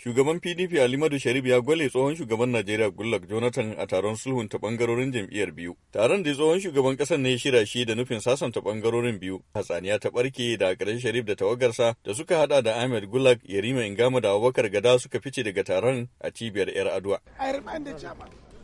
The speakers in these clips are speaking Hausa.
Shugaban PDP Alimadu Sharif ya gwale tsohon shugaban Najeriya gullak Jonathan a taron sulhun ta bangarorin jam'iyyar biyu. Taron da tsohon shugaban kasar ne shira shi da nufin sasanta bangarorin biyu. Hatsaniya ta barke da akarin Sharif da tawagarsa da suka hada da Ahmed gullak Yarima Ingama da Abubakar Gada suka fice daga taron a cibiyar 'yar Adwa.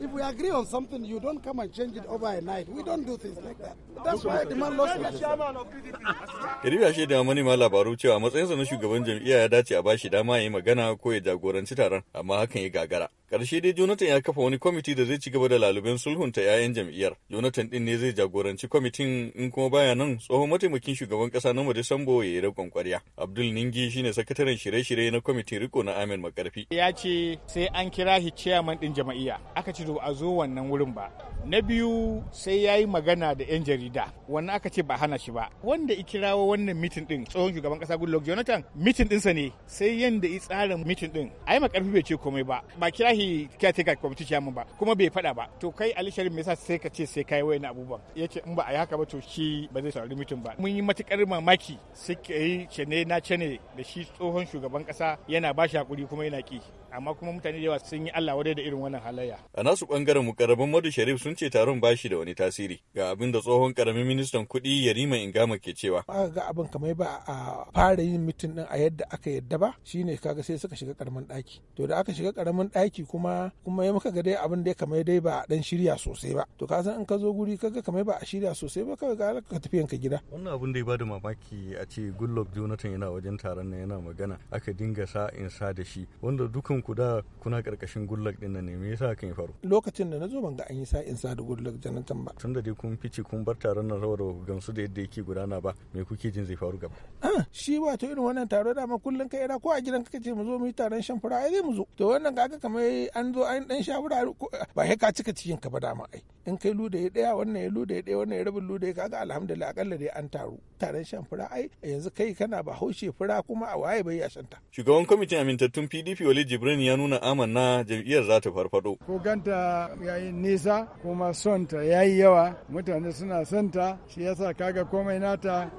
If we agree on something, you don't come and change it overnight. We don't do things like that. That's why the man lost ya shaida mani manema labaru cewa matsayinsa na shugaban jam'iyya ya dace a bashi dama ya yi magana ko ya jagoranci taron, amma hakan ya gagara. karshe dai Jonathan ya kafa wani kwamiti da zai ci gaba da laluben sulhunta 'ya'yan jam'iyyar. Jonathan din ne zai jagoranci kwamitin in kuma baya nan tsohon mataimakin shugaban kasa na Madisambo ya yi riƙon Abdul Ningi shine sakataren shirye-shirye na kwamitin riko na Amin Makarfi. Ya ce sai an kira shi ciyaman din jam'iyya. Aka ci a zo wannan wurin ba. Na biyu sai ya yi magana da 'yan jarida. Wannan aka ce ba hana shi ba. Wanda kirawo wannan mitin din tsohon shugaban kasa Goodluck Jonathan mitin ɗinsa ne sai yanda i tsara mitin ɗin. Ai Makarfi bai ce komai ba. Ba kira shi sani caretaker kwamiti ciyaman ba kuma bai faɗa ba to kai ali sharif me yasa sai ka ce sai kai na abubuwan ya ce in ba a haka ba to shi ba zai saurari mutum ba mun yi matukar mamaki suke yi cene na cene da shi tsohon shugaban kasa yana ba shi hakuri kuma yana ki amma kuma mutane da yawa sun yi Allah wadai da irin wannan halayya a nasu bangaren mukarraban madu sharif sun ce taron ba shi da wani tasiri ga abin da tsohon karamin ministan kuɗi yarima ingama ke cewa ga abin kamar ba a fara yin mitin din a yadda aka yadda ba shine kaga sai suka shiga karamin daki to da aka shiga karamin daki kuma kuma ya muka ga dai abin da ya kamar dai ba dan shirya sosai ba to ka san in ka zo guri kaga kamar ba a shirya sosai ba kaga ka ka tafi yanka gida wannan abin da ya bada mamaki a ce Goodluck Jonathan yana wajen taron nan yana magana aka dinga sa in sa da shi wanda dukan ku da kuna karkashin Goodluck din nan ne me yasa kan faru lokacin da na zo ban ga an yi sa in sa da Goodluck Jonathan ba tunda dai kun fice kun bar taron nan saboda gamsu da yadda yake gudana ba me kuke jin zai faru gaba ah shi wato irin wannan taro da ma kullun kai ko a gidan kake ce mu zo mu yi taron shan fura ai zai mu zo to wannan kaga kamar ai eh, an zo an dan ko eh, ba sai ka cika cikin ka ba dama ai in kai luda ya daya wannan ya luda ya daya wannan ya rabin luda ya kaga alhamdulillah akalla dai an taru taron shan fura ai yanzu kai kana ba haushe fura kuma a waye bai shanta shugaban kwamitin amintattun PDP Wali Jibrin ya nuna amanna jam'iyyar za ta farfado ko ganta yayi nisa kuma son ta yayi yawa mutane suna son ta shi yasa kaga komai nata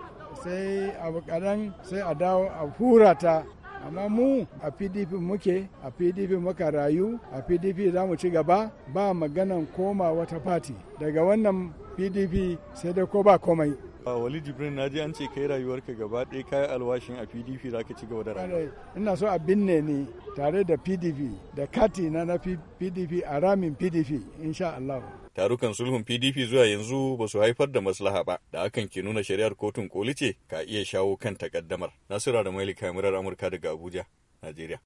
sai abu kadan sai a dawo a hura amma mu a pdp muke a pdp muka rayu a pdp za mu ci gaba ba maganan koma wata fati daga wannan pdp sai dai ko ba komai wali jibrin na ji an ce kai ka gaba ɗaya kayan alwashin a pdp za ka ci gaba da rana ina so a binne ni tare da pdp da kati na na pdp a ramin pdp insha allah tarukan sulhun pdp zuwa yanzu ba su haifar da maslaha ba da hakan ke nuna shari'ar kotun koli ce ka iya shawo kan takaddamar nasira da mailika murar amurka daga abuja najeriya